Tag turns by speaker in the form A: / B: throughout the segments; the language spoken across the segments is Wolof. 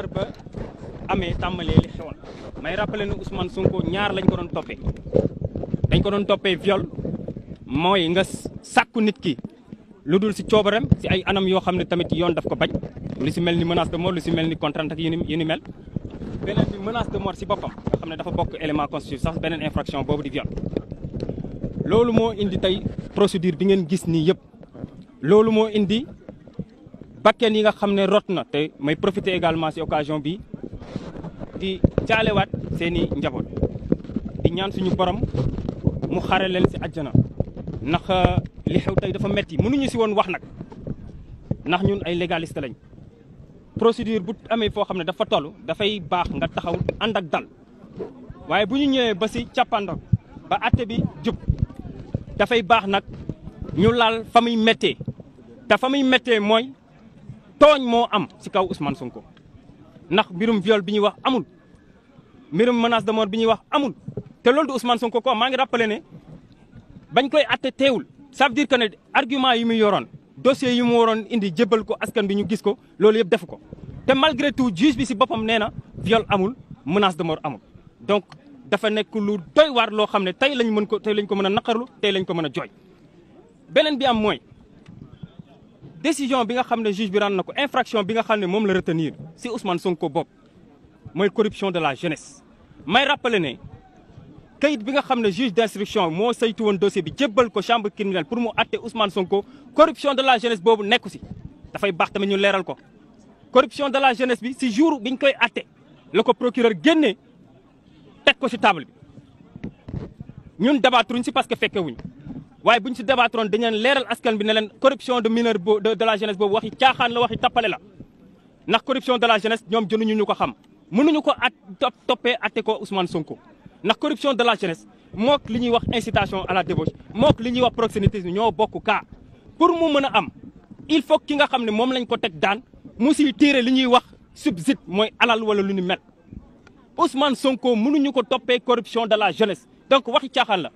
A: feebar ba amé tambalé li xewoon may rappelé ni Ousmane Sonko ñaar lañ ko doon topé dañ ko doon topé viol moy nga sakku nit ki ci si ci ay anam yo xam tamit yoon daf ko bañ lu ci mel ni menace de mort lu ci mel ni contrainte ak yu ni mel benen bi menace de mort si bopam nga xam dafa bok élément constitutif sax benen infraction bobu di viol lolu mo indi tay procédure bi ngeen gis ni yépp lolu mo indi bakken yi nga xam ne rot na te may profité également ci occasion bi di jaalewaat seeni njaboot di ñaan suñu borom mu xare leen ci àjjana ndax euh, li xew tey dafa metti mënuñu ci woon wax nag ndax ñun ay légaliste lañ procédure bu amee foo xam ne dafa toll dafay baax nga taxaw ànd ak dal waaye bu ñu ñëwee ba ci càppandoog ba àtte bi jub dafay baax nag ñu laal fa muy méttee te fa muy méttee mooy tooñ mo am ci kaw Ousmane Sonko ndax mbirum viol bi wax amul mbirum menace de mort bi wax amul té lolou du Ousmane Sonko ko ma ngi rappelé né bañ koy atté téwul ça veut dire que né argument yi muy dossier yi mu indi djébal ko askan bi ñu gis ko lolou yëpp def ko malgré tout juge bi ci bopam néna viol amul menace de mort amul donc dafa nekk lu doy war lo xamné tay lañ mën ko tay lañ ko mën naqarlu lañ ko mën a jooy bi am moy décision bi nga xamné juge bi ran nako infraction bi nga xamné mom la retenir si Ousmane Sonko bop moy corruption de la jeunesse. may rappeler ne kayit bi nga xamné juge d'instruction, mo moo saytu woon dossier bi jébbal ko chambre criminelle pour mu atté Ousmane Sonko corruption de la jeunesse boobu nekku si fay bax tamit ñu léral ko. corruption de la jeunesse bi si jour biñ koy atté le procureur génnee tek ko ci table bi ñun débattre ñu si parce que fekke wuñ waye buñ ci si dañ dañu leen leeral askan bi ne leen corruption de mineur de de la jeunesse boobu waxi tiaxan la waxi tapalé la ndax corruption de la jeunesse ñom jënuñu ñu ko xam mënuñu ñuko at topé atte ko Ousmane Sonko ndax corruption de la jeunesse mok li ñuy wax incitation à la débauche mok li ñuy wax proxénétisme ñoo bokk ka pour mu mëna am il faut ki nga xam ne moom lañ ko tek daan mu siy tiire li ñuy wax subside moy alal wala lu ñu mel Ousmane Sonko mënuñu ñuko topé corruption de la jeunesse donc waxi tiaxan la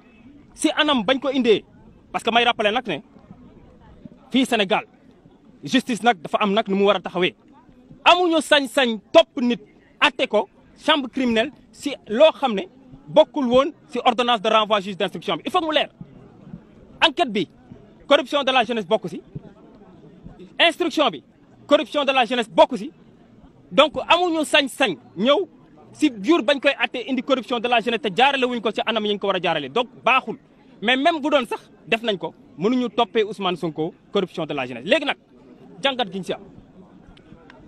A: si anam bañ ko indé parce que may rappelé nag ne fii Sénégal justice nag dafa am nag nu mu war a taxawee amuñu sañ-sañ topp nit ko chambre criminelle si loo xam beaucoup bokkul si ordonnance de renvoi juge d'instruction bi il faut mu enquête bi corruption de la jeunesse beaucoup si instruction bi corruption de la jeunesse beaucoup si donc amuñu sañ-sañ ñew si jur bañ koy atte indi corruption de la jeunesse te jaarale wuñ ko si anam yi ñu ko wara jaaralé. donc baxul. mais même bu doon sax def nañ ko mënuñu toppee Ousmane ko corruption de la jeunesse léegi nag jàngat gi ñu si am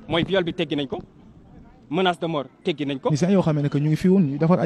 A: mooy viol bi teggi nañ ko menace de mort teggi nañ ko. ni sax yoo xam ne que ñu ngi fi woon ñu defar ay.